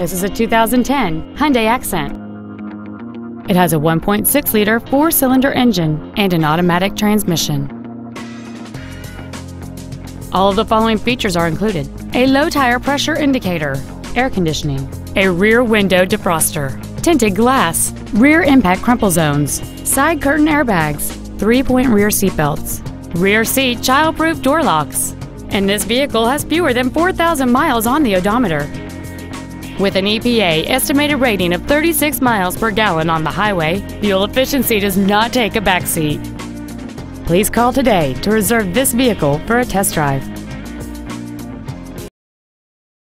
This is a 2010 Hyundai Accent. It has a 1.6-liter four-cylinder engine and an automatic transmission. All of the following features are included. A low tire pressure indicator, air conditioning, a rear window defroster, tinted glass, rear impact crumple zones, side curtain airbags, three-point rear seat belts, rear seat child-proof door locks, and this vehicle has fewer than 4,000 miles on the odometer. With an EPA estimated rating of 36 miles per gallon on the highway, fuel efficiency does not take a backseat. Please call today to reserve this vehicle for a test drive.